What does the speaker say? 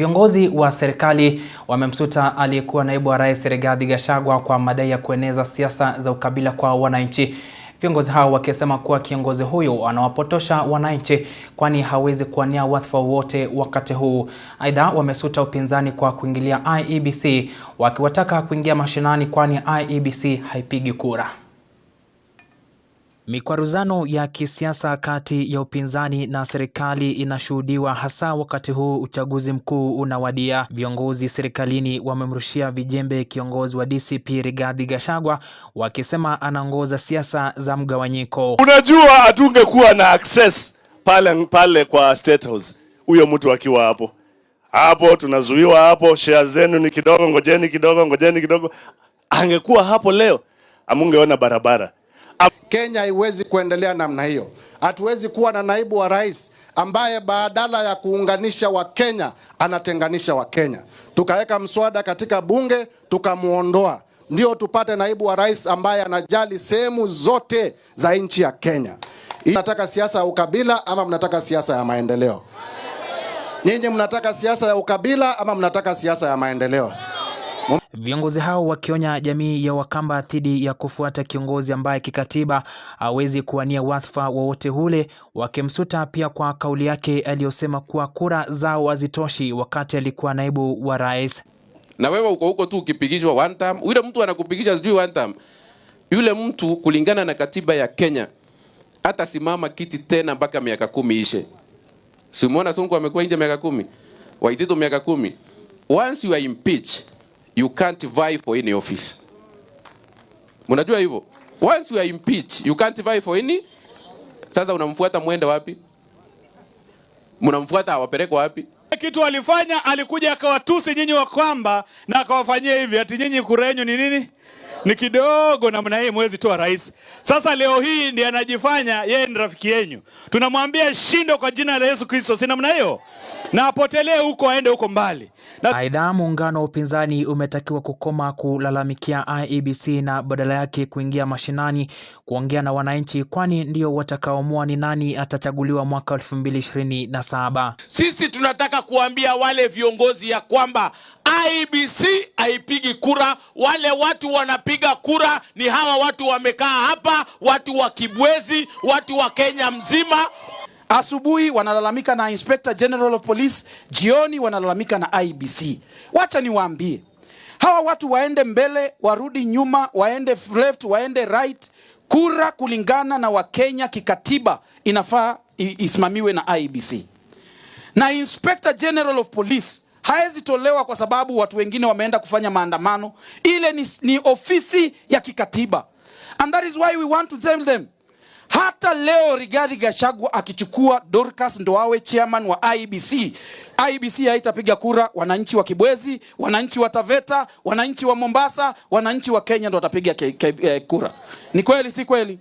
Viongozi wa serikali wamemsuta aliyekuwa naibu wa rais Rigathi Gachagua kwa madai ya kueneza siasa za ukabila kwa wananchi. Viongozi hao wakisema kuwa kiongozi huyo anawapotosha wananchi kwani hawezi kuwania wadhifa wowote wakati huu. Aidha, wamesuta upinzani kwa kuingilia IEBC wakiwataka kuingia mashinani kwani IEBC haipigi kura. Mikwaruzano ya kisiasa kati ya upinzani na serikali inashuhudiwa hasa wakati huu uchaguzi mkuu unawadia. Viongozi serikalini wamemrushia vijembe kiongozi wa DCP Rigathi Gachagua wakisema anaongoza siasa za mgawanyiko. Unajua, hatungekuwa na access pale pale kwa State House huyo mtu akiwa hapo hapo, tunazuiwa hapo, share zenu ni kidogo, ngojeni kidogo, ngojeni kidogo. Angekuwa hapo leo, amungeona barabara. Kenya haiwezi kuendelea namna hiyo. Hatuwezi kuwa na naibu wa rais ambaye badala ya kuunganisha Wakenya anatenganisha Wakenya. Tukaweka mswada katika bunge tukamwondoa, ndio tupate naibu wa rais ambaye anajali sehemu zote za nchi ya Kenya. Mnataka siasa ya ukabila ama mnataka siasa ya maendeleo? Nyinyi mnataka siasa ya ukabila ama mnataka siasa ya maendeleo? Viongozi hao wakionya jamii ya Wakamba dhidi ya kufuata kiongozi ambaye kikatiba hawezi kuwania wadhifa wowote ule, wakimsuta pia kwa kauli yake aliyosema kuwa kura zao hazitoshi wakati alikuwa naibu wa rais. Na wewe uko huko tu ukipigishwa one time, yule mtu anakupigisha sijui one time. Yule mtu kulingana na katiba ya Kenya hata simama kiti tena mpaka miaka kumi ishe. Si umeona Sonko amekuwa nje miaka kumi, Waititu miaka kumi. Once you are impeached you can't vie for any office. Mnajua hivyo? Once you are impeached, you can't vie for any. Sasa unamfuata mwende wapi? Mnamfuata awapeleke wapi? Kitu alifanya alikuja akawatusi nyinyi wa kwamba na akawafanyia hivi, ati nyinyi kurenyu ni nini? ni kidogo namna hii, mwezi toa rais. Sasa leo hii ndiye anajifanya yeye ni rafiki yenu, tunamwambia shindo kwa jina la Yesu Kristo, si namna hiyo, na apotelee huko, aende huko mbali. Aidha na... muungano wa upinzani umetakiwa kukoma kulalamikia IEBC na badala yake kuingia mashinani kuongea na wananchi, kwani ndio watakaoamua ni nani atachaguliwa mwaka 2027. Sisi tunataka kuambia wale viongozi ya kwamba IEBC aipi wale watu wanapiga kura ni hawa watu wamekaa hapa, watu wa Kibwezi, watu wa Kenya mzima. Asubuhi wanalalamika na Inspector General of Police, jioni wanalalamika na IBC. Wacha niwaambie hawa watu waende mbele, warudi nyuma, waende left, waende right. Kura kulingana na Wakenya kikatiba inafaa isimamiwe na IBC na Inspector General of Police haezi tolewa kwa sababu watu wengine wameenda kufanya maandamano. Ile ni, ni ofisi ya kikatiba and that is why we want to tell them hata leo Rigathi Gachagua akichukua Dorcas ndo awe chairman wa IBC, IBC haitapiga kura. Wananchi wa Kibwezi, wananchi wa Taveta, wananchi wa Mombasa, wananchi wa Kenya ndo watapiga eh, kura. Ni kweli si kweli?